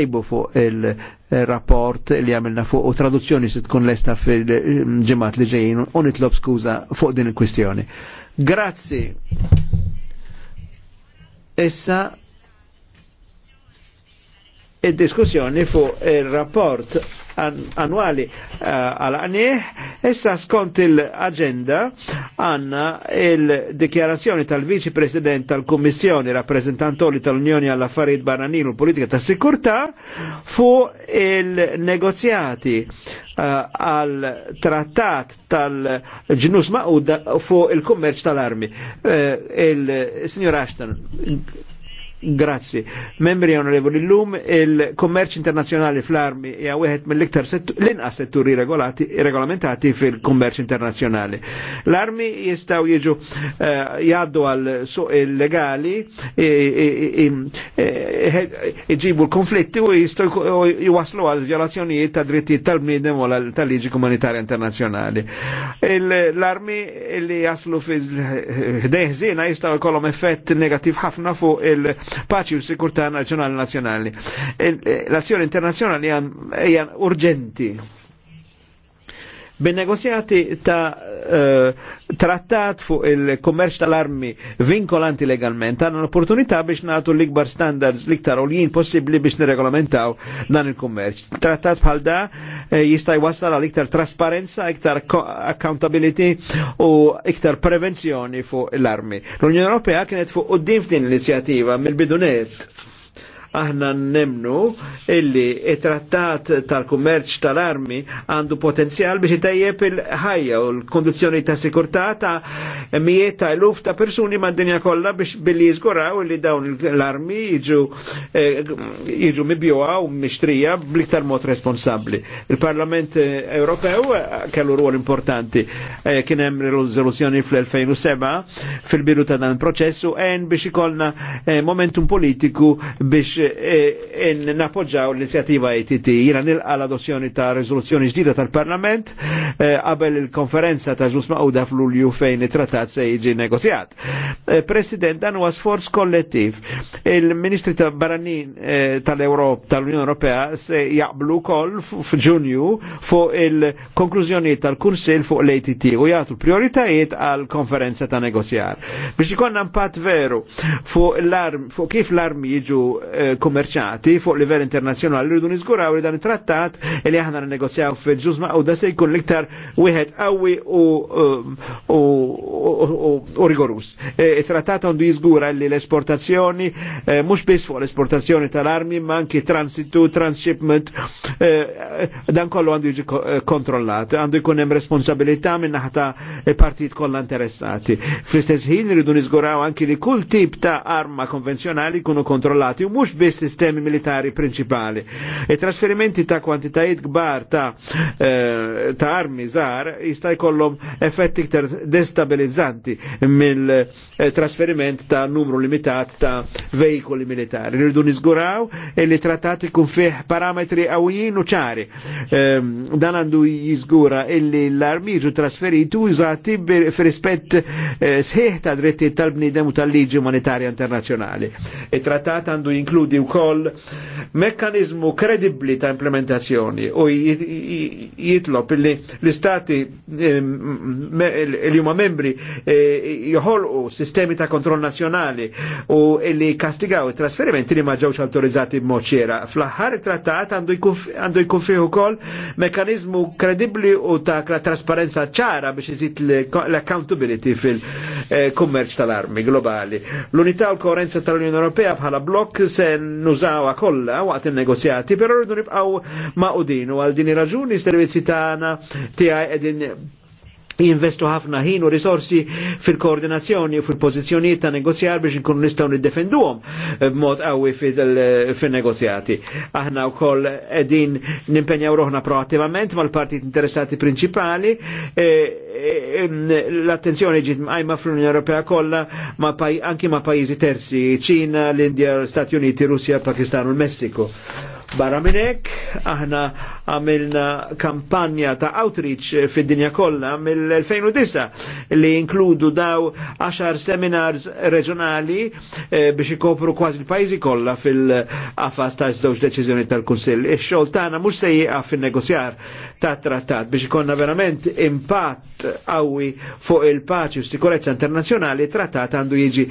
ejbu fuq il-rapport li għamilna fuq u traduzzjoni se tkun lesta fil-ġemat li ġejjin u nitlob skuza fuq din il-kwistjoni. Grazzi. Issa il diskussjoni fuq il-rapport annuali eh, għal għanieħ, issa skont il-agenda għanna il-dikjarazzjoni tal-Viċi President tal-Kommissjoni rappresentantoli tal-Unjoni għall affarijiet Baranin u Politika ta' Sikurta fu il-negozjati eh, għal trattat tal-ġnus ma'uda fu il-kummerċ tal-armi. Eh, Il-Signor Ashton, Grazzi. Membri onorevoli, l-lum il-kommerċ internazjonali fl-armi hija wieħed mill-iktar l-inqas setturi regolati, regolamentati fil-kommerċ internazjonali. L-armi jistaw jiġu eh, jgħaddu għal suq illegali, eh, iġibu l-konflitti u jistaw jwaslu għal violazzjonijiet ta' dritti tal-bniedem u tal-liġi komunitarja internazjonali. L-armi li jaslu fil-ħdejħżina jistaw jkollhom effett negativ ħafna fuq il- paċi u sikurta nazzjonali nazjonali. E, e, l-azzjoni internazjonali hija urġenti. Bin-negozjati ta' uh, trattat fuq il-kummerċ tal-armi vinkolanti legalment għandna l-opportunità biex nagħtu l-ikbar standards l-iktar oljin possibbli biex nirregolamentaw dan il-kummerċ. Trattat bħal da eh, jista' jwassal għal iktar trasparenza, iktar accountability u iktar prevenzjoni fuq l-armi. L-Unjoni Ewropea kienet fuq qudiem f'din l-inizjattiva mill-bidunet Aħna nemnu illi it-trattat tal-kummerċ tal-armi għandu potenzjal biex itajjeb il-ħajja u l-kondizjoni ta' sikurtà ta' mijiet ta' luf ta' persuni ma' dinja kollha biex billi jizguraw illi dawn l-armi jiġu eh, jiġu mibjuwa u mixtrija bliktar mod responsabbli. Il-Parlament eh, Ewropew eh, kellu ruol importanti kien hemm riżoluzzjoni fl-2007 fil-biru ta' dan il-proċessu en biex ikollna momentum politiku biex biex eh, napoġġaw l-inizjativa ITT. Jina nilqa l-adozzjoni ta' rezoluzzjoni ġdida tal-Parlament eh, qabel il-konferenza ta' ġus maqda fl-Ulju fejn it-trattat se jiġi negozjat. Eh, President, dan huwa sforz kollettiv. Il-Ministri ta' Baranin tal europa tal-Unjoni Ewropea se jaqblu kol f'Ġunju fuq il-konklużjoni tal-Kunsil fuq l-ATT u jagħtu prioritajiet għal-konferenza ta' negozjar. Biex ikonna impatt veru fuq l-arm, fuq kif l-armi jiġu kummerċati fuq livell internazzjonali rridu niżguraw li dan it-trattat li aħna negozjaw fi ġuż u da se jkun l-iktar wieħed qawwi u um, rigorus. E, it-trattat għandu jiżgura li l-esportazzjoni e, mhux biss fuq l-esportazzjoni tal-armi ma anki transitu, transshipment e, dan kollu għandu jiġi kontrollat, għandu jkun hemm responsabilità minn naħta partit kollha interessati. Fl-istess ħin rridu niżguraw anki li kull tip ta' arma konvenzjonali jkunu kontrollati u mhux biss sistemi militari principali. I e trasferimenti ta' kwantitajiet gbar ta', eh, ta armi zar jista' jkollhom effetti iktar destabilizzanti mill-trasferiment eh, ta' numru limitat ta' veikoli militari. Rridu Nirridu e li trattati kun fih parametri għawijin u ċari. Eh, dan għandu jiżgura illi l armiġu trasferitu trasferiti użati fir-rispett eh, sħiħ ta' dritti tal-bnidem u tal-liġi umanitarja internazjonali. I e trattat għandu jinkludi studi u koll mekkanizmu kredibli ta' implementazzjoni u jitlob li l-istati li huma membri e, joħolqu sistemi ta' kontroll nazjonali u li kastigaw it-trasferimenti li maġawx autorizzati b'mod xiera. Fl-aħħar trattat għandu jkun fiħu koll mekkanizmu kredibli u ta' trasparenza ċara biex jizit l-accountability fil-kummerċ e, tal-armi globali. L-unità u l-koerenza tal-Unjoni Ewropea bħala blok se se kolla kollha waqt in-negozjati, però rridu nibqgħu maqudin u għal din raġuni servizzi tagħna tiegħi qegħdin jinvestu ħafna ħin u risorsi fil-koordinazzjoni u fil-pozizjoniet ta' negozjar biex nkunu nistgħu niddefenduhom b'mod qawwi fin negozjati Aħna wkoll qegħdin nimpenjaw roħna proattivament mal-partit interessati prinċipali eh, l-attenzjoni ġiet għajma fl-Unjoni Ewropea kollha ma anki ma' pajjiżi terzi, Ċina, l-Indja, l-Stati Uniti, Russja, Pakistan u l-Messiku. Barra hekk aħna għamilna kampanja ta' outreach fid-dinja kollha mill-2009 li inkludu daw 10 seminars reġjonali eh, biex ikopru kważi l-pajjiżi kollha fil-qafas ta' żewġ deċiżjoni tal-Kunsill. Ix-xogħol tagħna mhux se fin-negozjar ta' trattat biex ikonna verament impatt qawwi fuq il-paċi u sikurezza internazzjonali trattat għandu jiġi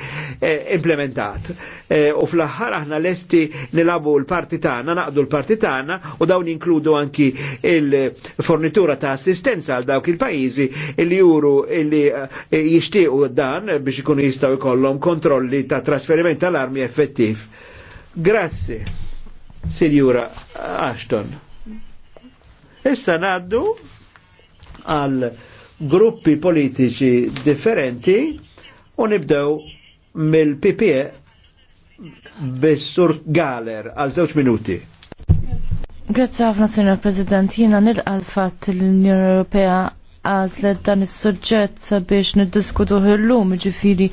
eh, implementat. Eh, u fl-aħħar aħna lesti nilabu l-parti tagħna, naqdu l-parti tagħna u dawn inkludu anki il-fornitura ta' assistenza għal dawk il-pajjiżi li juru li eh, jixtiequ dan biex ikunu jistgħu jkollhom kontrolli ta' trasferiment tal-armi effettiv. Grazzi, Signora Ashton. Issa naddu għal gruppi politiċi differenti u nibdew mill-PPE bis-Sur Galer għal żewġ minuti. Grazie ħafna, Signor President. Jiena nilqal fatt l-Unjoni Ewropea għażlet dan is-suġġett sabiex niddiskutu llum ġifiri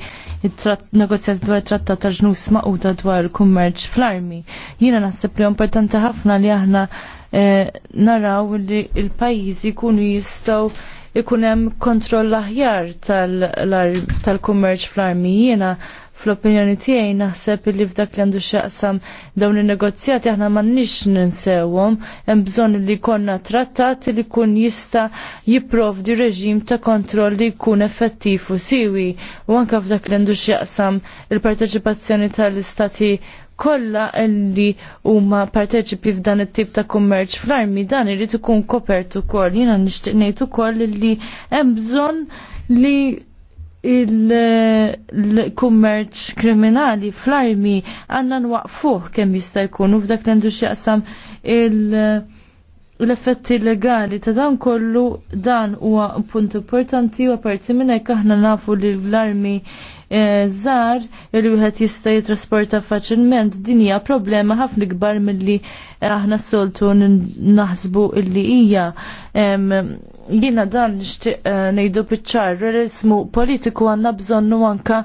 negozjati dwar trattat ta' ġnus maquda dwar il-kummerċ fl-armi. Jiena naħseb li importanti ħafna li aħna Eh, naraw li il-pajjiżi jkunu jistgħu ikun hemm kontroll aħjar tal-kummerċ fl-armi jiena fl-opinjoni tiegħi naħseb li f'dak li għandu x'jaqsam dawn in-negozjati aħna m'għandniex ninsewhom, hemm bżonn li jkollna trattat li jkun jista' jipprovdi reġim ta' kontroll li jkun effettiv u siwi u anke f'dak li għandu x'jaqsam il-parteċipazzjoni tal-istati kollha li huma parteċipi f'dan it-tip ta' kummerċ fl-armi dan irid ikun kopert ukoll. Jiena nixtieq ngħid ukoll li hemm bżonn li il-kummerċ kriminali fl-armi għanna nwaqfuh kemm jista' jkun u f'dak l-għandu x'jaqsam l-effetti legali ta' dan kollu dan huwa punt importanti u apparti minn hekk aħna nafu li l-armi Eh, żgħar li wieħed jista' jitrasporta faċilment din hija problema ħafna kbar milli aħna soltu naħsbu illi hija. Jiena dan nixtieq eh, ngħidu biċ-ċar realizmu politiku għandna bżonnu anka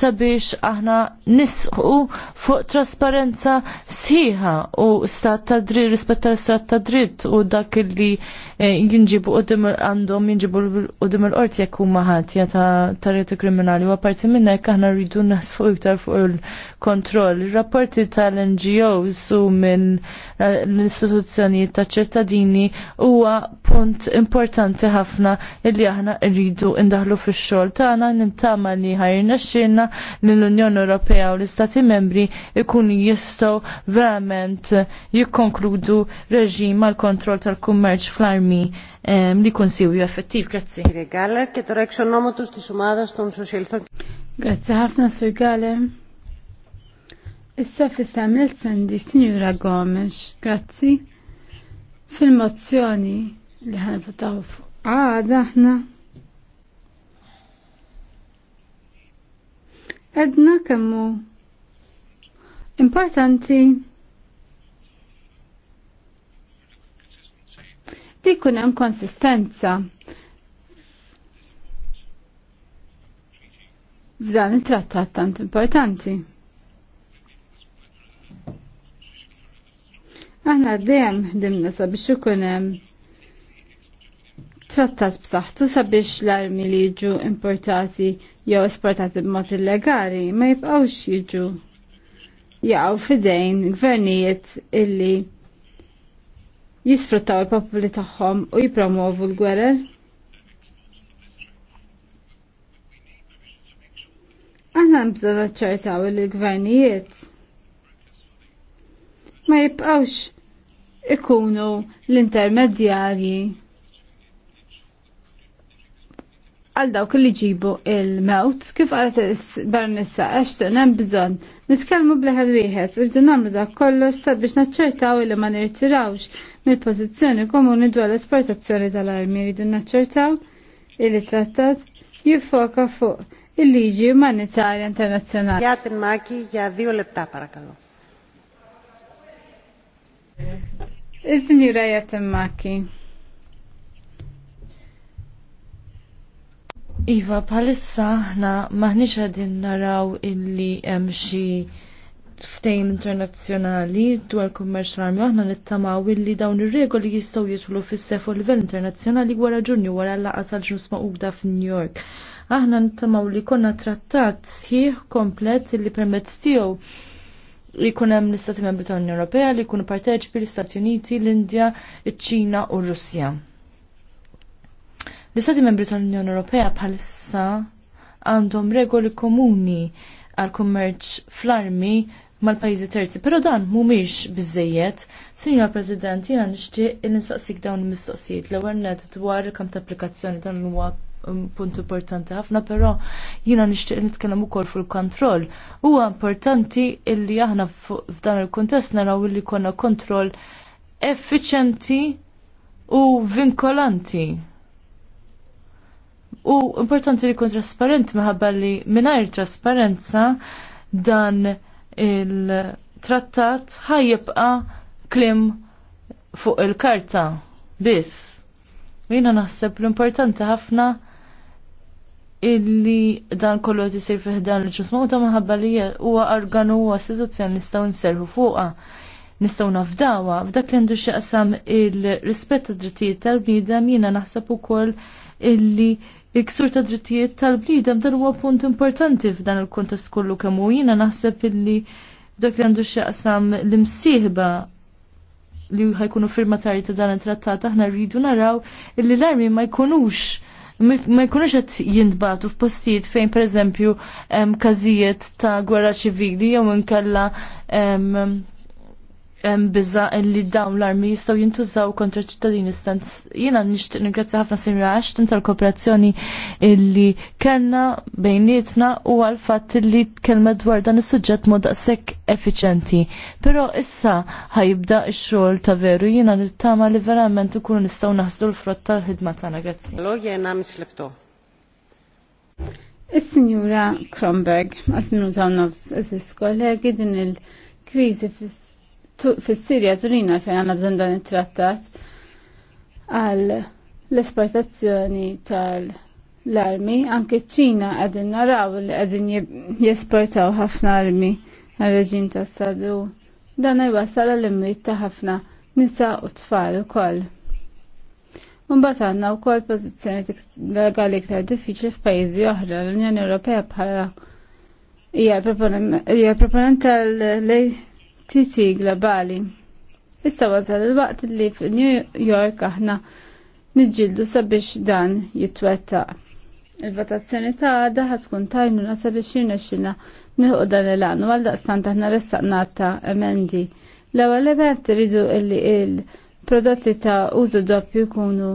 sabiex aħna nisqu fuq trasparenza sħiħa u stat ta' dritt rispett tal-istat ta' dritt u dak illi Eh, jinġibu dimmer għandhom jinġibu u dimmer orti jekk huma ħatja ta' reti kriminali u apparti minn hekk aħna rridu naħsbu iktar fuq il-kontroll. Ir-rapporti tal-NGOs su minn eh, l-istituzzjonijiet ta' ċittadini huwa punt importanti ħafna li aħna rridu ndaħlu fix-xogħol tagħna nintama li ħajrna xilna li l-Unjoni Ewropea u l-Istati Membri ikun jistgħu verament jikkonkludu reġim għal kontroll tal-kummerċ fl-armi sistemi ehm, li kun siwju effettiv. Grazzi. Grazzi ħafna sur Galler. Issa fissam l-sendi, Signora Gomes, grazzi. Fil-mozzjoni li ħan votaw fuq għada ħna. Edna kemmu importanti li kun hemm konsistenza f'dan it-trattat tant importanti. Aħna dejjem ħdimna sabiex ikun hemm trattat b'saħħtu sabiex l-armi li jiġu importati jew esportati b'mod illegali ma jibqgħux jiġu jaqgħu fidejn gvernijiet illi jisfruttaw il-popoli tagħhom u jipromovu l-gwerer. Aħna bżon ċertaw li gvernijiet ma jibqawx ikunu l-intermedjarji għal dawk li ġibu il-mewt, kif għalet Barnissa Ashton, hemm bżonn nitkellmu bleħal wieħed u namlu nagħmlu dak kollox sabiex naċċertaw li ma nirtirawx mill-pożizzjoni komuni dwar l-esportazzjoni tal-armi rridu naċċertaw li trattat jiffoka fuq il-liġi umanitarja internazzjonali. Jgħat maki jgħaddi u ebta parakallu. Is sinjura jgħat maki Iva, bħalissa ħna maħniċ għadin naraw illi hemm xi ftejn internazzjonali dwar kummerċ l aħna nittamaw illi dawn ir-regoli jistgħu jidħlu fis-sef u livell internazzjonali wara ġunju wara l-laqgħa tal-ġnus maquda f'New York. Aħna nittamaw li konna trattat sħiħ komplet illi permezz tiegħu li jkun hemm l-Istati Membri tal-Unjoni Ewropea li jkunu parteċipi l-Istati Uniti, l-Indja, iċ-Ċina u r Russja. L-Istati membri tal-Unjoni Ewropea bħalissa għandhom regoli komuni għal kummerċ fl-armi mal-pajjiżi terzi, però dan mhumiex biżejjed. Sinjor President, jiena nixtieq il nistaqsik dawn il-mistoqsijiet l-ewwel net dwar il ta' applikazzjoni dan huwa mm, punt importanti ħafna, però jiena nixtieq nitkellem ukoll fuq il-kontroll. Huwa importanti illi aħna f'dan il-kuntest naraw illi konna kontroll effiċenti u vinkolanti U importanti li kun trasparenti maħabba li mingħajr trasparenza dan il-trattat ħajjibqa klim fuq il-karta biss. Jina naħseb l-importanti ħafna illi dan kollu qed isir dan il-ġusma u ta' maħabba li huwa organu u istituzzjoni nistgħu nserħu fuqha. Nistgħu nafdawa f'dak li għandu xieqsam il-rispett tad-drittijiet tal-bniedem jiena naħseb ukoll illi Iksur ksur ta' drittijiet tal bnidem dan huwa punt importanti f'dan il-kontest kollu kemm u jiena naħseb illi dak li għandu x'jaqsam l-imsieħba li ħajkunu firmatari ta' dan it-trattat aħna rridu naraw illi l-armi ma jkunux ma jkunux qed jintbatu f'postijiet fejn pereżempju każijiet ta' gwerra ċivili jew inkella bizza li dawn l-armi jistgħu jintużaw kontra ċittadini stanz. Jiena nixtieq ningrazzja ħafna Sinra Ashton tal-kooperazzjoni illi kellna bejnietna u għal fatt li kelma dwar dan is-suġġett mod daqshekk effiċenti. Però issa ħajibda x-xogħol ta' veru jiena nittama li verament ikunu nistgħu naħsdu l-frott tal-ħidma tagħna. Grazzi. Lo jiena mislibtu. Is-Sinjura Kromberg, għal-sinu ta' nofs, kollegi din il-krizi fis fis-Sirja żurina fejn għanna bżonn dan it-trattat għal l-esportazzjoni tal-armi, anke ċ-Ċina qegħdin naraw li qegħdin jesportaw ħafna armi għal reġim tas sadu dan jwassal għall-imwiet ta' ħafna nisa u tfal ukoll. Mbagħad għandna wkoll pożizzjoni legali iktar diffiċli f'pajjiżi oħra l-Unjoni Ewropea bħala hija proponent tal-lej TT globali. Issa wasal il-waqt li f'New York aħna niġġieldu sabiex dan jitwettaq. Il-votazzjoni ta' għada ħatkun tajnuna sabiex jirnexxina nilħu dan il-għan għal daqstant aħna ressaqna ta' emendi. L-ewwel event rridu illi il-prodotti ta' użu doppju jkunu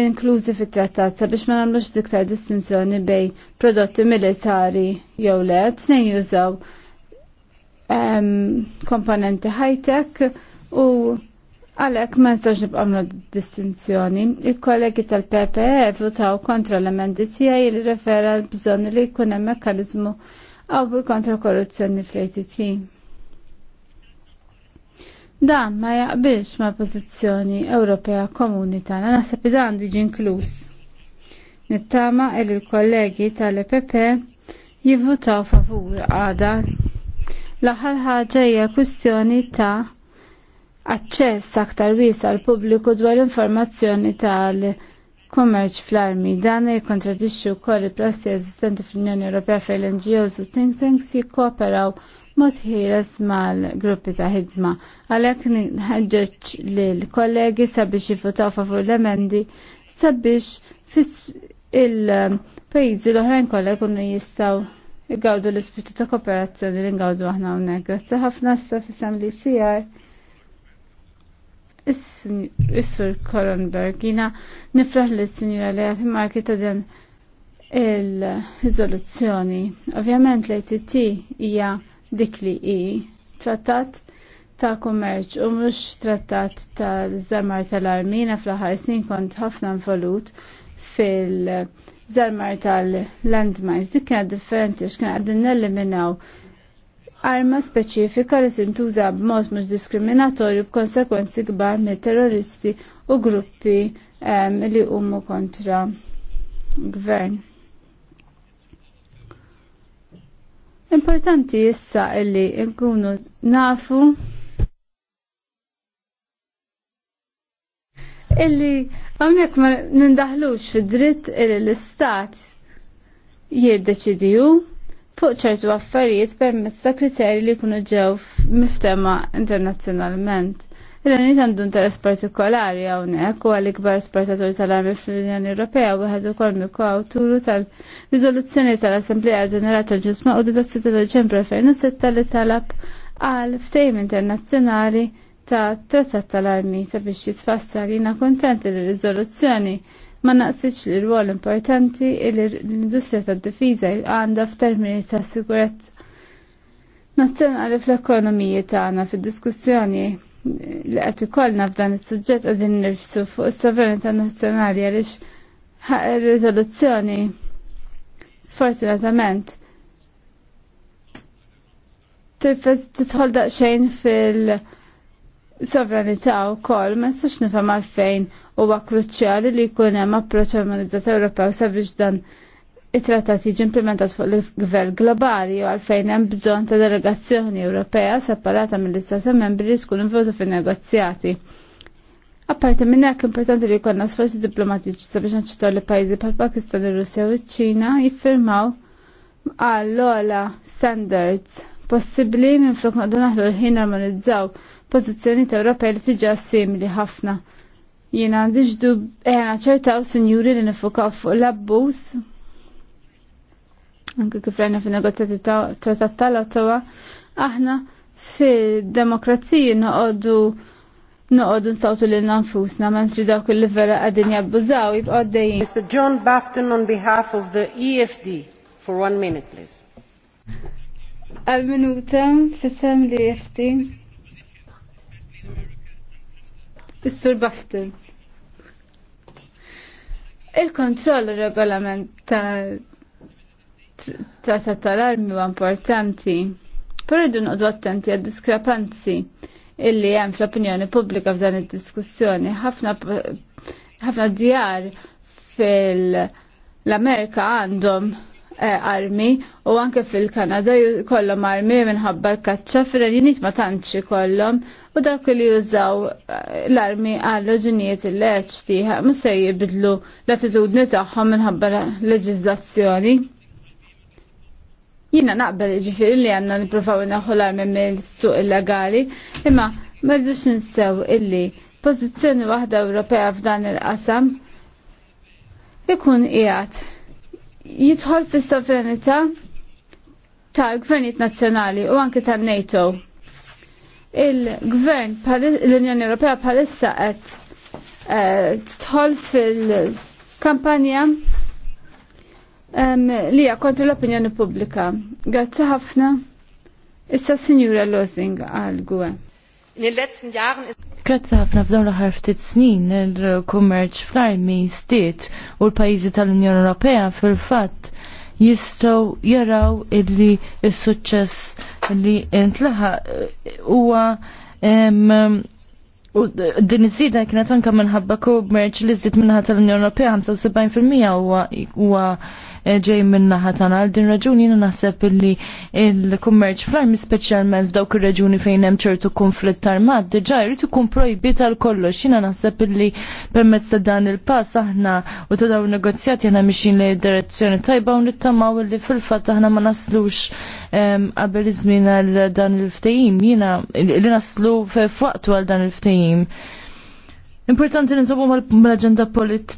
inklużi fit-trattat sabiex ma nagħmlux diktar distinzjoni bej prodotti militari jew le tnejn jużaw komponenti high-tech u Għalek, ma nistax nibqa' nibqamlu distinzjoni. Il-kollegi tal-PPE votaw kontra l-emendi tiegħi li refera l-bżonn li jkun hemm mekkaniżmu qawwi kontra korruzzjoni fl-ATT. Dan ma jaqbilx ma' pożizzjoni Ewropea Komuni tagħna naħseb li dan diġi inkluż. Nittama il kollegi tal-EPP jivvotaw favur għada L-aħħar ħaġa hija kwistjoni ta' aċċess aktar wiesa għal pubbliku dwar l-informazzjoni tal kummerċ fl-armi. Dan jikkontradixxu wkoll il-prassi eżistenti fl-Unjoni Ewropea fejn l-NGOs u think tanks jikkooperaw mod ħieles mal-gruppi ta' ħidma. Għalhekk nħeġġeġ lil kollegi sabiex jifutaw favur l-emendi sabiex fis il-pajjiżi l-oħrajn kollha jkunu jistgħu Iggawdu l-ispirtu ta' kooperazzjoni li ngawdu aħna hawnhekk. Grazzi ħafna sa fissam li sijar. Is-sur Koronberg, jina nifraħ li s-sinjura li għat marki ta' din il-rizoluzzjoni. Ovvjament l-ATT hija dik li i trattat ta' kummerċ u mhux trattat ta' zamar tal-armina fl-aħħar snin kont ħafna involut fil- żarmar tal-landmines dik kienet differenti għax kien qegħdin neliminaw arma speċifika li tintuża b'mod mhux diskriminatorju b'konsekwenzi kbar mit terroristi u gruppi li huma kontra gvern. Importanti issa illi nkunu nafu illi għamnek ma nindaħlux fid-dritt illi l-istat jiddeċidiju fuq ċertu affarijiet permezz ta' kriterji li jkunu ġew miftema internazzjonalment. Il-għanit għandu interess partikolari għawnek u għal ikbar esportatur tal-armi fl-Unjoni Ewropea u għed ukoll miku awturu tal-rizoluzzjoni tal-Assembleja Ġenerata tal-Ġusma u d-dazzita tal-ċembru 2006 li talab għal ftejm internazzjonali ta' tata tal-armi sabiex jitfassar jina kontenti li rizoluzzjoni ma naqsitx li rwol importanti li l-industrija tad-difiża għandha f'termini ta' sikurezza nazzjonali fl-ekonomiji tagħna fid-diskussjoni li qed ikollna f'dan is-suġġett qegħdin nirfsu fuq is-sovranità nazzjonali għaliex r riżoluzzjoni sfortunatament tirfez tidħol daqsxejn fil- sovranità u kol, ma s-sax nifhem għalfejn huwa kruċjali li jkun hemm approċċ armonizzat Ewropew sabiex dan it-trattat jiġi implementat fuq il-gvern globali u għalfejn hemm bżonn ta' delegazzjoni Ewropea separata mill-istati membri li tkun involuti fin-negozjati. Apparti minn hekk importanti li jkollna sforzi diplomatiċi sabiex naċċettaw li pajjiżi bħal Pakistan, ir-Russja u ċ-Ċina jiffirmaw għall ola standards possibbli minn fluk naħdu naħlu l-ħin armonizzaw pozizjoni ta' Ewropej li tiġa simili ħafna. Jiena għandix dub eħna eh, ċertaw sinjuri li nifukaw fuq l abbus Anke kif rajna fi negozjati ta' trattat tal-Ottawa, aħna fi demokrazija noqodu noqodu nsawtu lil nfusna mentri dawk il vera għadin jabbużaw jibqgħu għaddejjin. Mr. John Bafton on behalf of the EFD for one minute please. Għal minuta fissem li EFD. Is-Sur Il-kontroll regolament ta' ta' tal-armi huwa importanti. Però dun noqdu attenti għad diskrepanzi illi hemm fl-opinjoni pubblika f'dan id-diskussjoni. ħafna djar fil-Amerika għandhom armi u anke fil-Kanada kollom armi minħabba l-kaċċa fil-Renjuniet ma tantx kollom u dawk li jużaw eh, l-armi għal raġunijiet il-leċ ma se jibidlu l-attitudni tagħhom minħabba leġiżlazzjoni. Jina naqbel ġifiri li għanna niprofaw naħu l-armi mill-suq illegali, imma marridux ninsew illi pożizzjoni waħda Ewropea f'dan il-qasam ikun qiegħed jidħol fis sovranità ta' gvernijiet nazzjonali u anke ta' NATO. Il-gvern l-Unjoni Ewropea bħalissa qed eh, tħol fil-kampanja li hija kontra l-opinjoni pubblika. Grazzi ħafna. Issa Sinjura Losing għal-Gwe. In den letzten Jahren ist Grazzi ħafna f'dawn l-ħar ftit snin il-kummerċ fl-armi jizdiet u l-pajjiżi tal-Unjoni Ewropea fil-fatt jistgħu jaraw illi s-suċċess li intlaħa eh, huwa din iż-żieda kienet anke minħabba kummerċ li żdied minħa tal-Unjoni Ewropea 75% huwa Eh, ġej minna ħatana. Għal din raġuni jina naħseb illi il-kummerċ fl-armi specialment f'dawk il-raġuni fejn hemm ċertu konflitt armat, diġà jrid ikun projbit għal kollox. Jina naħseb illi permezz ta' dan il-pass aħna u ta' dawn negozjati aħna mixin li direzzjoni tajba u nittamaw illi fil-fatt aħna ma naslux ehm, qabel iż-żmien għal dan il-ftehim. Jina li naslu f'waqtu għal dan il-ftehim. Importanti li mal-agenda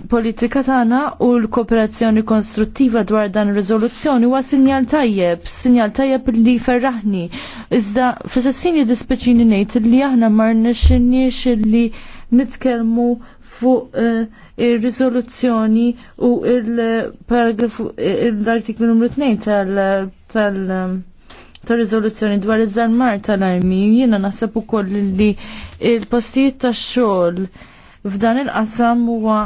politika tagħna u l-kooperazzjoni konstruttiva dwar dan ir-riżoluzzjoni huwa sinjal tajjeb, sinjal tajjeb li ferraħni. Iżda fl-sessin dispeċini ngħid li aħna ma rnexxinniex li nitkellmu fuq eh, ir-riżoluzzjoni u il-paragrafu l-artiklu numru 2 tal tal ta' rizoluzzjoni dwar iż-żarmar tal-armi, jiena naħseb ukoll li il postijiet tax-xogħol f'dan il-qasam huwa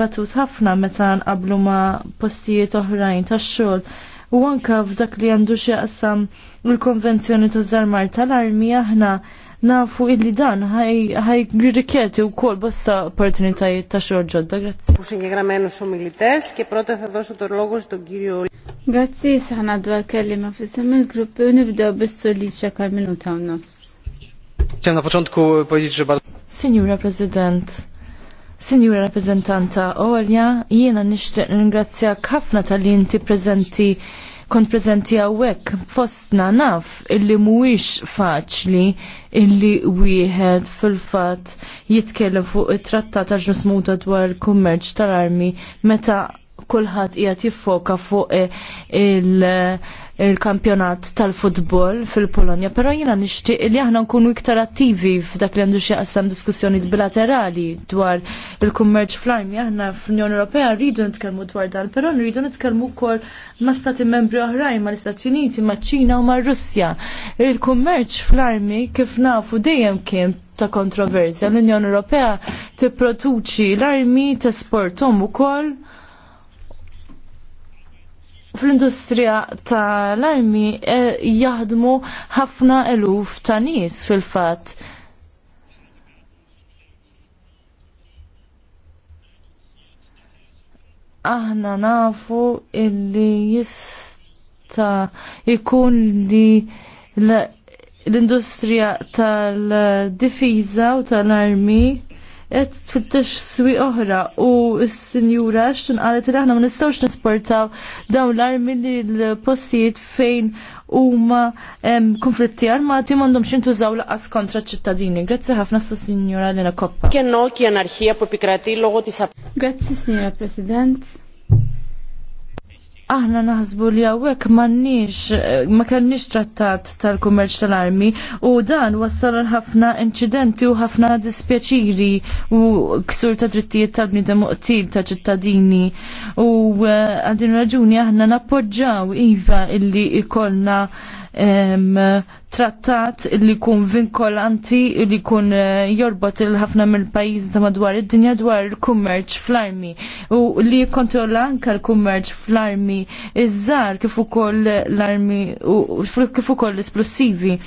batut ħafna meta nqablu ma' postijiet oħrajn tax-xogħol. U anka f'dak li għandu xi qasam il-konvenzjoni taż żarmar tal-armi aħna nafu illi dan ħaj rikjeti u kol bosta opportunitajiet ta' xogħol ġodda. Grazzi. U xinjegramennu xumilites, ki prota ta' dosu Grazzi, saħna kellima fissam il-gruppi u nibdew bis-sur li ċakar minuta u nofs. na początku powiedzieć, że bardzo... Signora President, Signora Rappresentanta Olja, jiena nixtieq ningrazzjak ħafna tal-li inti prezenti kont prezenti għawek fostna naf illi muwix faċli illi wieħed fil-fat jitkellem fuq it-trattat ta' ġnus dwar il-kummerċ tal-armi meta kulħadd jgħat jiffoka fuq il- il-kampjonat tal-futbol fil-Polonja, pero jina nishtiq li aħna nkunu iktar attivi f'dak li għandu xieqassam diskussjoni bilaterali dwar il-kummerċ fl-armi. Aħna fl-Unjoni Ewropea rridu nitkellmu dwar dan, pero rridu nitkellmu wkoll ma' stati membri oħrajn, ma' l-Istati Uniti, ma' ċina u ma' Russja. Il-kummerċ fl-armi kif nafu dejjem kien ta' kontroversja. L-Unjoni Ewropea tipproduċi l-armi, tesportom ukoll fl-industrija tal-armi eh, jaħdmu ħafna eluf ta' nies fil-fatt. Aħna nafu illi jista jkun li l-industrija tal-difiża u tal-armi qed tfittex swi oħra u s senjura x'tin qalet li aħna ma nistgħux nisportaw dawn l-armi li l-postijiet fejn huma konflitti armati xintu jintużaw laqas kontra ċittadini. Grazzi ħafna sa sinjura Lena Koppa. Kenno, kien arħija popikrati logo tisa. Grazzi Signora President aħna naħsbu li għawek mannix, eh, ma kellniex trattat tal-kummerċ tal-armi u dan wassal ħafna incidenti u ħafna dispjaċiri u ksur ta' drittijiet tal-bnidem uqtil ta' ċittadini u eh, għandin raġuni aħna nappoġġaw iva illi ikolna trattat li kun vinkolanti li kun eh, jorbot il-ħafna mill-pajjiż ta' madwar id-dinja dwar il-kummerċ fl-armi u li jikkontrolla anke l-kummerċ fl-armi iż-żar kif ukoll l-armi u kif ukoll l-esplosivi.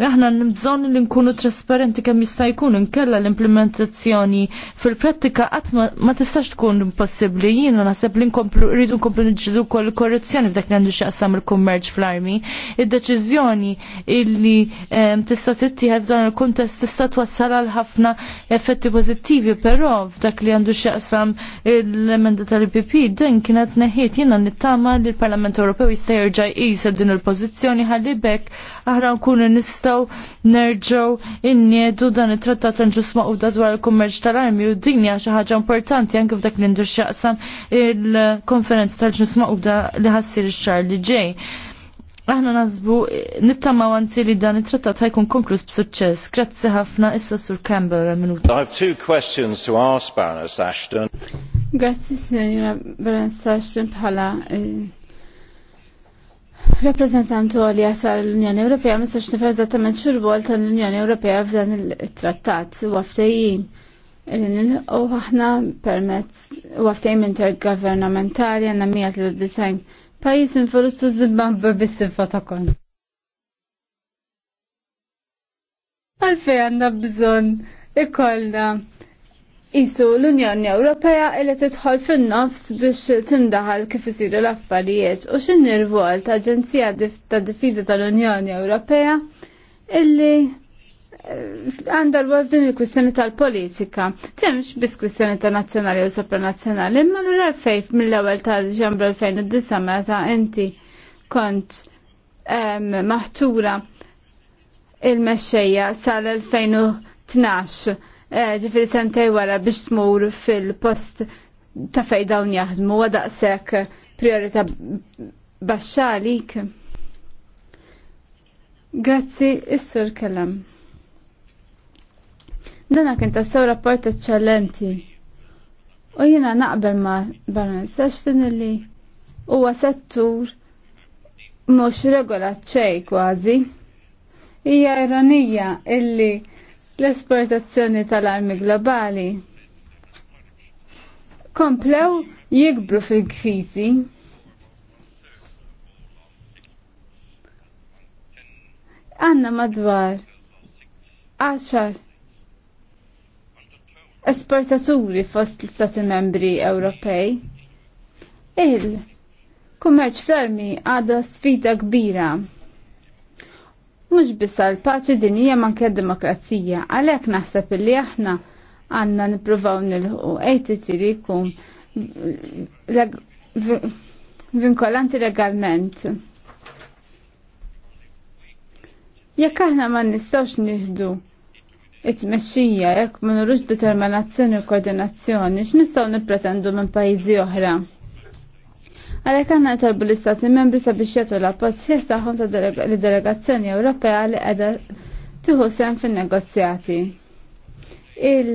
Aħna nibżon li nkunu trasparenti kemm jista' jkun inkella l-implementazzjoni fil-prattika qatt ma tistax tkun impossibbli. Jiena naħseb li nkomplu rridu nkomplu niġġidu wkoll korruzzjoni f'dak li għandu x'jaqsam il-kummerċ fl-armi. Id-deċiżjoni illi ehm, tista' tittieħed f'dan il-kuntest tista' twassal għal ħafna effetti pożittivi, però f'dak li għandu x'jaqsam l-emenda tal-IPP din kienet neħiet jiena nittama li l-Parlament Ewropew jista' jerġa' jqis din il-pożizzjoni ħalli bekk aħna nkunu nista' nistaw nerġaw inniedu dan it-trattat tal-ġus maquda dwar il-kummerċ tal-armi u din hija xi ħaġa importanti anke f'dak li ndur xaqsam il-konferenza tal-ġus maquda li ħassir ix-xahar li ġej. Aħna nażbu, nittama għanzi li dan it-trattat ħajkun konklus b'suċċess. Grazzi ħafna issa Sur Campbell għal-minuta. I have two questions to ask Baroness Ashton. Grazzi, Signora Baroness Ashton, bħala eh, Rappresentant li sa' l-Unjoni Ewropea ma sax zattament eżattament ta' tal-Unjoni Ewropea f'dan it-trattat u għaftajin. U aħna permezz u għaftejjim intergovernamentali għanna mijat l design pajjiż involutu forussu bis-sifa ta' Għalfej għandna bżonn ikollna Isu l-Unjoni Ewropea illi tidħol fin-nofs biex tindaħal kif isiru l-affarijiet u xin nirvol ta' Aġenzija ta' Difiża tal-Unjoni Ewropea illi eh, għandha l f'din din il-kwistjoni tal-politika. Temx biss kwistjoni ta' nazzjonali u supranazzjonali, imma l fejf mill-ewwel ta' Diċembru 2009 meta inti kont maħtura il-mexxejja sal-2012 Eh, ġifiri sentej wara biex tmur fil-post ta' fej dawn jaħdmu u daqsek priorita baxxa għalik. Grazzi, issur kellem. Dana kien sew rapport eccellenti. U jina naqbel ma Baronessa Ashton li huwa settur mhux regola ċej kważi. Hija ironija illi l-esportazzjoni tal-armi globali. Komplew jikbru fil-krizi. Għanna madwar 10 esportaturi fost l-Stati membri Ewropej. Il-kummerċ fl-armi għada sfida kbira mhux biss l paċi din hija manke demokrazija. Għalhekk naħseb li aħna għandna nippruvaw nilħu ejtiti li jkun vinkolanti legalment. Jekk aħna ma nistgħux nieħdu it-tmexxija jekk ma nurux determinazzjoni u koordinazzjoni x'nistgħu nippretendu minn pajjiżi oħra. Għalhekk għandna nitolbu l-Istati membri sabiex jagħtu l posħiħ sħiħ tagħhom delegazzjoni Ewropea li qiegħda tuħu sehem fin-negozjati. il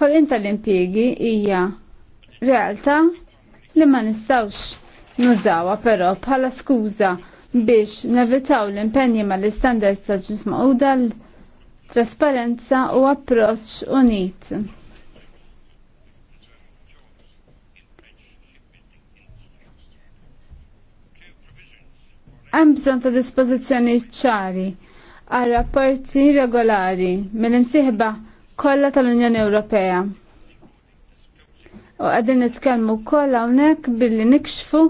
ħolin tal impiegi hija realtà li ma nistawx nużawa però bħala skuża biex nevitaw l-impenji ma l-istandards tal ġismu u dal-trasparenza u approċ unit. Hemm bżonn ta' dispożizzjoni ċari għal rapporti regolari mill-imsieħba kollha tal-Unjoni Ewropea. U għadin nitkellmu wkoll hawnhekk billi nikxfu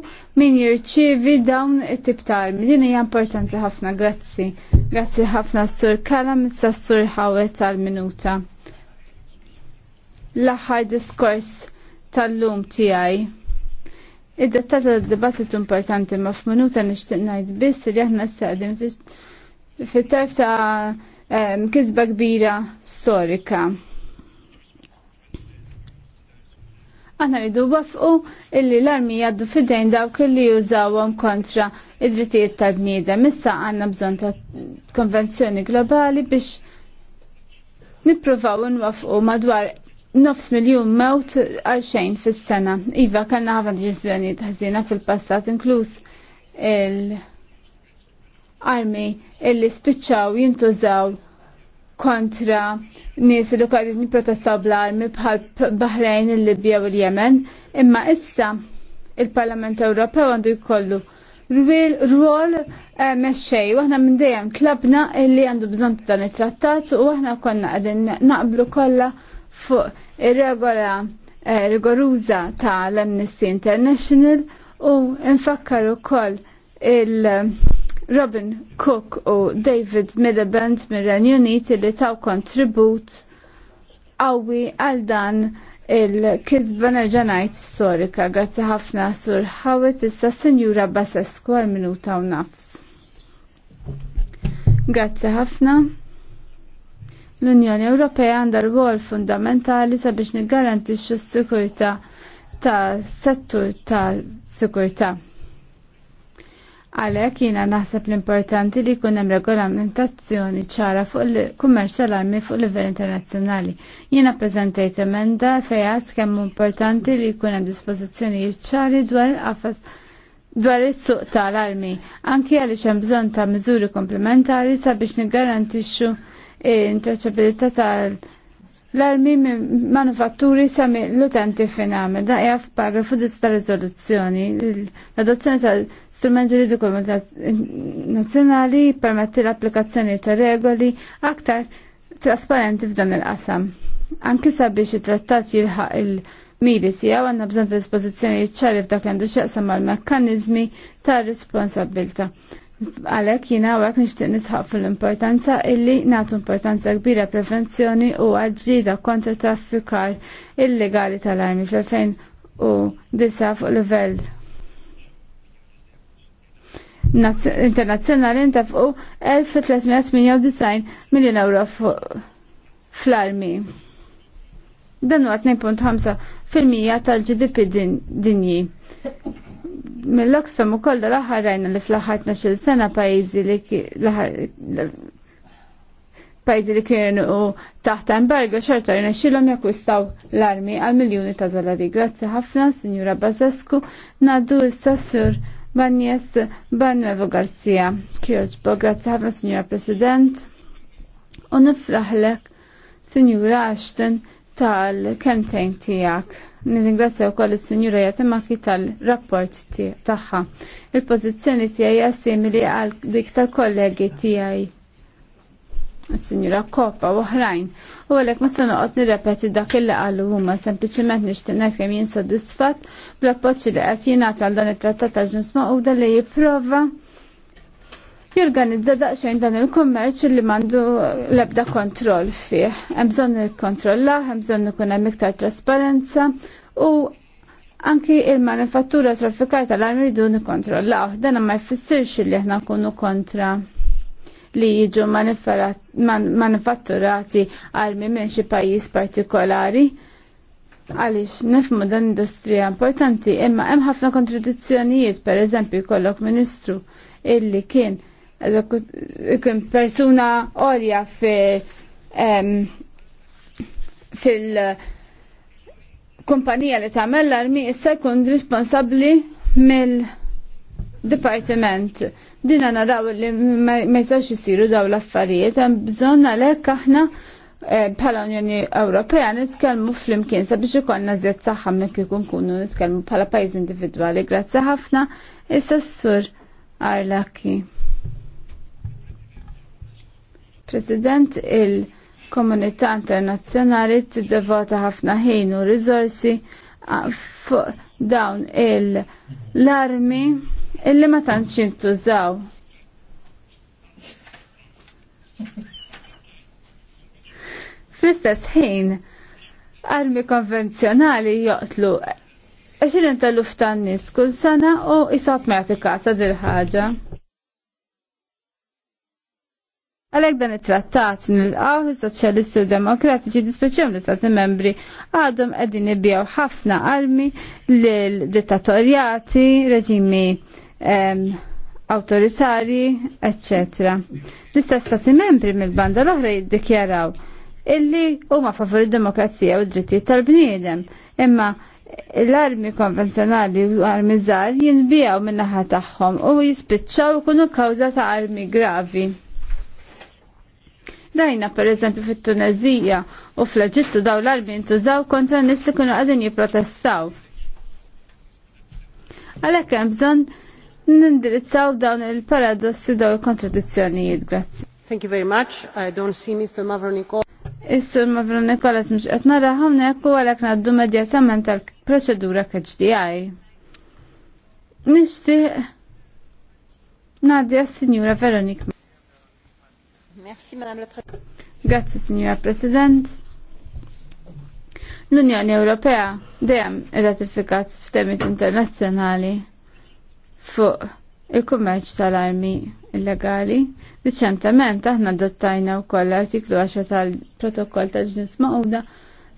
min jirċievi dawn it-tip ta' armi. Din hija importanti ħafna, grazzi. Grazzi ħafna s-sur Kala missa s-sur ħawet tal-minuta. L-aħħar diskors tal-lum tiegħi. Id-detta tal-dibattitu importanti ma f'minuta nixtieq ngħid biss li aħna sadim fit-tarf ta' ehm, kisba kbira storika. Aħna rridu wafqu illi l-armi jaddu fidejn dawk li jużawhom kontra id-drittijiet tal-bniedem. Issa għandna bżonn ta' konvenzjoni globali biex nippruvaw wafqu madwar nofs miljon mewt għalxejn fis-sena. Iva, kanna ħafna deċiżjoni taħżina fil-passat, inkluż il-armi illi spiċċaw jintużaw kontra nies li kadit niprotestaw bl-armi bħal Bahrejn, il-Libja u l-Jemen, imma issa il-Parlament Ewropew għandu jkollu rwol eh, meċċej, u aħna minn dejjem klabna illi għandu bżon dan it-trattat u aħna konna għadin naqblu kollha fuq ir-regola eh, rigoruża tal-Amnesty International u infakkar ukoll il-Robin Cook u David Miliband mir-Renju Unit li taw kontribut qawwi għal dan il-kizba ġanajt storika grazzi ħafna sur ħawet issa Sinjura Basesku għal minuta u nafs. Grazzi ħafna. L-Unjoni Ewropea għandha rwol fundamentali sabiex niggarantixxu s-sikurtà ta' settur ta' sikurtà. Għalhekk jiena naħseb l-importanti li jkun hemm regolamentazzjoni ċara fuq il-kummerċ tal-armi fuq livell internazzjonali. Jiena ppreżentejt emenda fejn kemm importanti li jkun hemm dispożizzjonijiet ċari dwar qafas dwar is-suq tal-armi, anki għaliex hemm bżonn ta' miżuri komplementari sabiex niggarantixxu intraċabilità tal- l-armi manufatturi sami l-utenti finame, da jgħaf paragrafu dis ta' rizoluzzjoni. L-adozzjoni ta' li ġuridiku nazjonali permetti l-applikazzjoni ta' regoli aktar trasparenti f'dan il-qasam. Anki sabiex it-trattat jilħaq il-miri tiegħu għandna bżonn ta' dispożizzjoni ċari f'dak għandu x'jaqsam għal mekkaniżmi ta' responsabilta. Għalek jina għak nishtiq nisħaq fil-importanza illi natu importanza kbira prevenzjoni u għadġida kontra traffikar illegali tal-armi fl-2009 fuq livell internazzjonali fuq 1398 miljon euro fl-armi. Dan huwa 2.5 fil-mija tal-GDP dinji mill-Oxfam u koll l-aħħar rajna li fl-aħħar 12 sena pajjiżi li pajzi li kienu taħt embargo xorta rinaxilom jakwistaw l-armi għal miljoni ta' dollari. Grazzi ħafna, Signora Bazescu, naddu s-sassur Banjes Barnuevo Garcia. Kjoġbo, grazzi ħafna, Signora President, u nifraħlek, Signora Ashton, tal-kentejn tijak. Nirringrazzja wkoll is-Sinjura Jatemaki tal-rapport tagħha. Il-pożizzjoni tiegħi hija simili għal dik tal-kollegi tiegħi. sinjura Koppa u oħrajn. U għalhekk ma se noqgħod nirrepeti dak illi qalu huma sempliċement nixtieq ngħid kemm jien soddisfatt bl-appoġġ li qed jingħata għal dan it-trattat tal-ġunsma u li jipprova jorganizza daqsxejn dan il-kummerċ li mandu lebda kontroll fih. Hemm bżonn nikkontrolla, hemm bżonn ikun hemm iktar trasparenza u anki il-manifattura traffikar tal-armi jridu nikkontrollaw. Dan ma jfissirx li aħna nkunu kontra li jiġu manifatturati armi minn xi pajjiż partikolari għalix nifmu dan industrija importanti imma hemm ħafna kontradizzjonijiet per eżempju kollok ministru illi kien ikun persuna orja fil kumpanija li tagħmel l-armi issa jkun responsabbli mill dipartiment Dina naraw li ma jistax isiru daw l-affarijiet, hemm bżonn għalhekk aħna eh, bħala Unjoni Ewropea nitkellmu flimkien sabiex ikollna żjed saħħa mek ikun kunu nitkellmu bħala pajjiż individwali. Grazzi ħafna issa s-sur Arlaki. President il-komunità internazzjonali tiddevota ħafna ħin u riżorsi fuq dawn il-armi illi ma tantx jintużaw. Fl-istess ħin, armi konvenzjonali joqtlu 20 tal-luftan nis kull sena u jisot meħti kasa dil-ħagġa. Għalek dan it-trattat nil-qaw il-Soċjalisti u Demokratiċi dispeċjom li stati membri għadhom għedin ibjaw ħafna armi l-dittatorjati, reġimi autoritari, etc. l stati membri mill-banda l-oħra jiddikjaraw illi huma favori demokrazija u drittijiet tal-bniedem. Imma l-armi konvenzjonali u armi żgħar jinbijaw min-naħa tagħhom u jispiċċaw ikunu kawża ta' armi gravi. Dajna per eżempju fit-Tunezija u fl-Eġittu daw l arbin tużaw kontra nis li kunu għadin jiprotestaw. Għalhekk hemm bżonn nindirizzaw dawn il-paradossi daw il-kontradizzjonijiet. Grazzi. Thank you very much. I don't see Mr. Mavronikov. Is-sur Mavronikov qed mhux qed nara hawnhekk u għalhekk medjatament tal-proċedura KHDI. Nixtieq Nadia Signora Veronik Merci, Madame la Grazie, Signora President. L-Unjoni Ewropea dejjem ratifikat f'temiet internazzjonali fuq il-kummerċ tal-armi illegali. Riċentement aħna adottajna wkoll l-artiklu 10 tal-protokoll ta' ġnis Mauda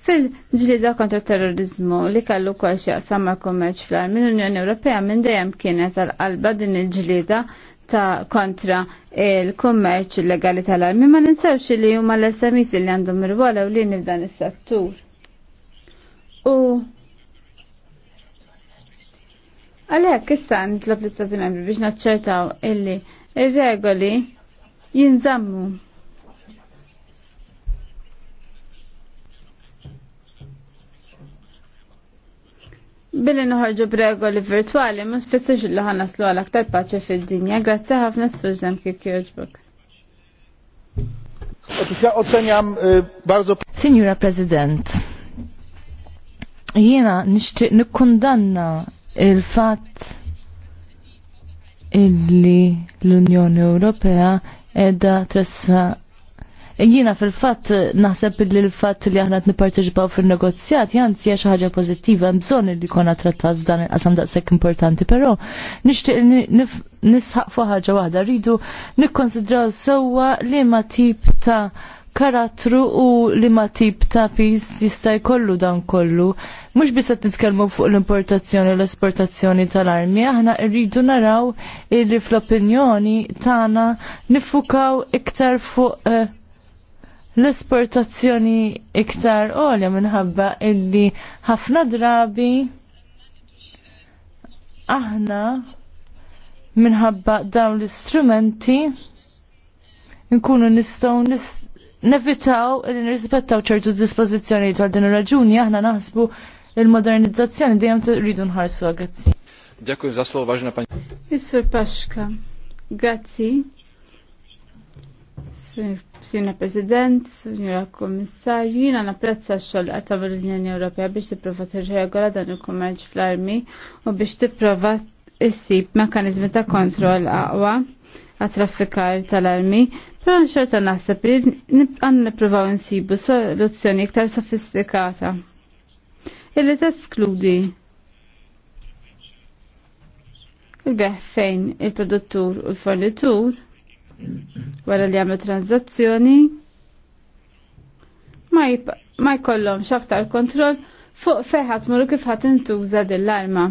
Fil-ġlida kontra terrorizmu li kallu kol xieqsam ma' kummerċ fl-armi l-Unjoni Ewropea minn dejjem kienet għal-qalba din il-ġlida ta' kontra il-kummerċ illegali tal-armi ma ninsawx li huma l-SMIs li għandhom irwola u li f'dan is-settur. U għalhekk issa nitlob l-Istati Membri biex naċċertaw illi ir-regoli jinżammu Billi nħorġu b'regoli virtuali, mus fissiex li ħanaslu għal aktar paċe fil-dinja. Grazzi ħafna s-suġem kif joġbok. E, Signora President, jiena nixtieq nikkundanna il-fatt illi l-Unjoni Ewropea edha tressa Jiena fil-fatt naħseb li l-fatt li aħna t nipparteċipaw fin negozzjat janzi hija xi ħaġa pożittiva bżonn li jkollna trattat f'dan il-qasam daqshekk importanti, però nixtieq nisħaq fuq ħaġa waħda rridu nikkonsidraw sewwa liema tip ta' karattru u liema tip ta' pis jista' jkollu dan kollu. Mhux biss qed nitkellmu fuq l-importazzjoni u l-esportazzjoni tal-armi, aħna rridu naraw illi fl-opinjoni tagħna niffukaw iktar fuq eh, l-esportazzjoni iktar għolja minħabba illi ħafna drabi aħna minħabba dawn l-istrumenti nkunu nistgħu nevitaw li nirrispettaw ċertu dispożizzjoni tal din raġuni aħna naħsbu il-modernizzazzjoni dejjem tridu nħarsu grazzi. Dziękuję za słowo, ważna pani. Mr. Paszka, grazzi. Sina President, Sinjora Kommissarju, jina napprezza xoll għatam l-Unjoni Ewropea biex tipprova tirregola dan il-kummerċ fl-armi u biex tipprova issib mekanizmi ta' kontrol aqwa għat traffikar tal-armi, pero xorta naħseb li għan n-sibu soluzzjoni iktar sofistikata. Illi skludi. Il-beħ fejn il-produttur u l-fornitur. il-beħ fejn il-produttur u l-fornitur wara li għamlu tranzazzjoni ma jkollhom xaktar kontroll fuq feħat muru kif ħat intuża l arma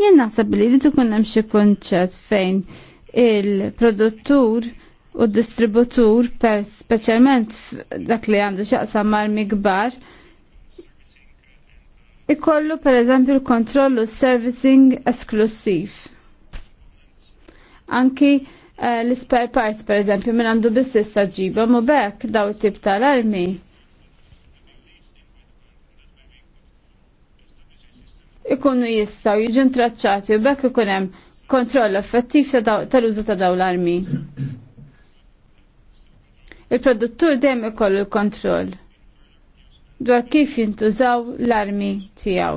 Jien naħseb li li tkun hemm xi kunċett fejn il-produttur u distributur per speċjalment dak li għandu xaqsam marmi kbar ikollu per eżempju l-kontrollu servicing esklusiv anki eh, l-spare parts per eżempju minn għandu bississa ġiba mu bekk daw tip tal-armi. Ikunu jistaw jiġu traċċati u bekk ikun hemm kontroll effettiv tal-użu ta' daw l-armi. Il-produttur dejjem ikollu l-kontroll dwar kif jintużaw l-armi tiegħu.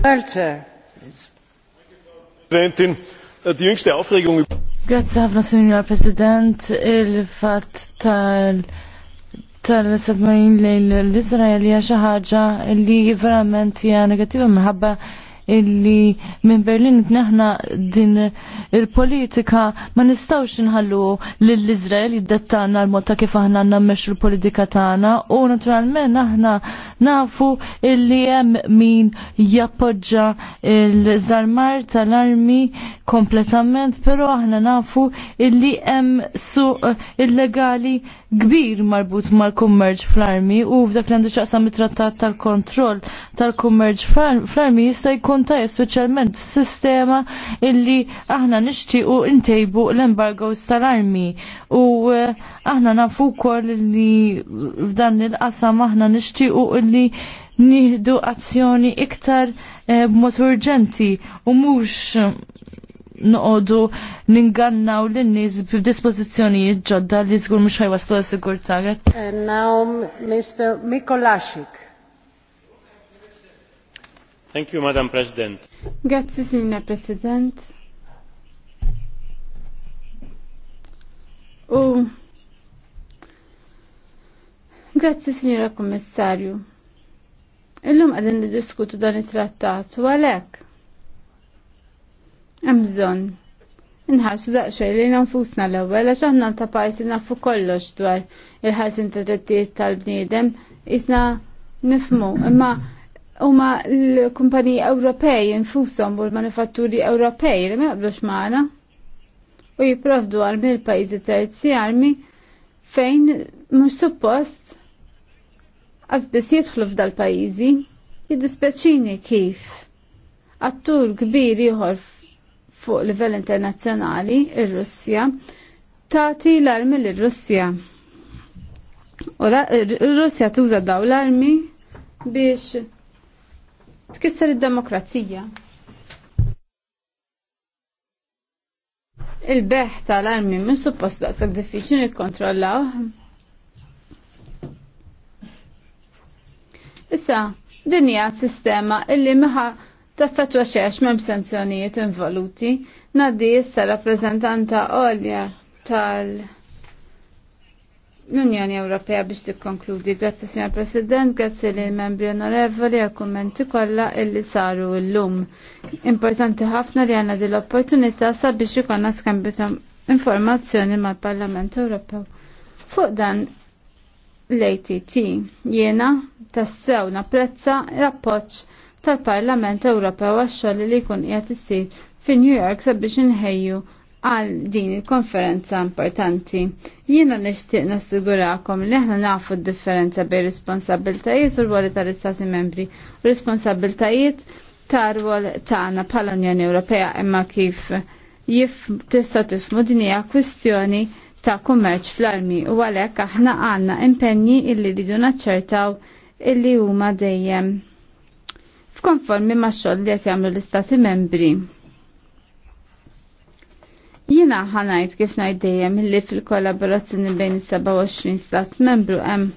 President, Äh, die jüngste Aufregung. Grazie ħafna, Signor Präsident. Il-fat tal- tal-submarin l-Izrael hija xi ħaġa li verament hija negattiva minħabba illi minn Berlin tneħna din il-politika ma nistawx nħallu l-Izrael jiddettana l-mod ta' kif aħna nammex il-politika tagħna u naturalment aħna nafu illi hemm min jappoġġa l-żarmar tal-armi kompletament, però aħna nafu illi hemm suq illegali kbir marbut mal-kummerġ fl-armi u f'dak l għandu xaqsam it-trattat tal-kontroll tal-kummerġ fl-armi jista' jkun specialment speċjalment f'sistema illi aħna nixtiequ ntejbu l-embargoes tal-armi u eh, aħna nafu wkoll li f'dan il-qasam aħna nixtiequ illi nieħdu azzjoni iktar eh, b'mod urġenti u mhux noqodu ningannaw l-nis b'dispożizzjonijiet ġodda li żgur mhux ħajwaslu s-sigurtà. Now Mr. Mikolasik. Thank you, Madam President. Grazzi, Signor President. Grazzi, Signora Kommissarju. Illum għadin li diskutu dan it-trattat u għalek. Emżon. Nħarsu daqxaj li nanfusna l-ewel, għax għanna ta' pajsi nafu kollox dwar il-ħarsin ta' drittijiet tal-bniedem, isna nifmu, imma Uma l-kumpaniji Ewropej infushom u l-manifatturi Ewropej li ma jaqblux magħna u jipprovdu għalmi l pajjiżi terzi armi fejn mhux suppost għazbis jidħlu f'dal pajjiżi jiddispeċini kif għattur kbir ieħor fuq livell internazzjonali, il russja tagħti l-armi l russja U l russja tuża daw l-armi biex tkisser id-demokrazija. Il-beħ tal-armi minn suppost diffiċin diffiċli nikkontrollaw. Issa, din hija sistema illi meħa taffetwa xex mem sanzjonijiet involuti, naddi issa rappreżentanta għolja tal- l-Unjoni Ewropea biex tikkonkludi. Grazzi signor President, grazzi li membri onorevoli għal kummenti kollha illi saru llum. Importanti ħafna li għandna din l-opportunità sabiex ikonna skambju ta' informazzjoni mal-Parlament Ewropew. Fuq dan l-ATT jiena tassew napprezza l-appoġġ tal-Parlament Ewropew għax-xogħol li jkun qiegħed isir fi New York sabiex inħejju għal din il-konferenza importanti. Jiena nixtieq nassigurakom li aħna nafu d-differenza bej responsabiltajiet u l-woli tal-Istati membri u responsabiltajiet tar-wol tagħna bħala Unjoni Ewropea imma kif jif tista' tifmu din kwistjoni ta' kummerċ fl-armi u għalhekk aħna għandna impenji illi ridu naċċertaw illi huma dejjem f'konformi ma' xogħol li qed jagħmlu l-Istati membri. Jiena ħanajt kif ngħid dejjem li fil-kollaborazzjoni bejn is-27 stat membru hemm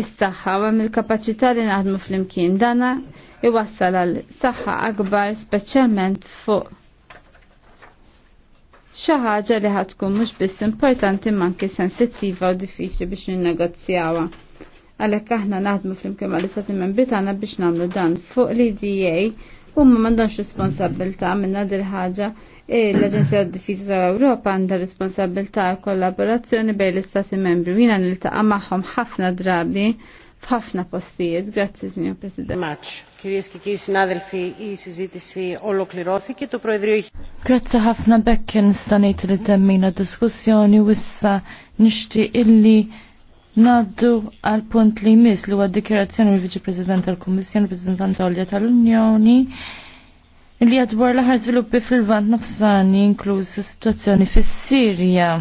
is-saħħa u hemm il-kapaċità li naħdmu flimkien dana iwassal għal saħħa akbar speċjalment fuq xi ħaġa li tkun mhux biss importanti ma anke sensittiva u diffiċli biex ninnegozjawha. Għalhekk aħna naħdmu flimkien mal-Istati Membri tagħna biex nagħmlu dan fuq l-EDA huma m'għandhomx responsabilità minna il ħaġa l-Aġenzija d-Difiża tal-Ewropa għandha responsabilità u kollaborazzjoni bejn l-Istati membri. Jiena niltaqa' magħhom ħafna drabi f'ħafna postijiet. Grazzi, Signor President. Much. Κυρίες και κύριοι συνάδελφοι, η Grazzi ħafna bekken stanejt li temmina diskussjoni wissa nixtieq illi naddu għal punt li mis li huwa dikjerazzjoni l-Viċi President tal-Kummissjoni, President Antolja tal-Unjoni li għadwar l zviluppi fil-vant nafsani, inkluż situazzjoni fis-Sirja.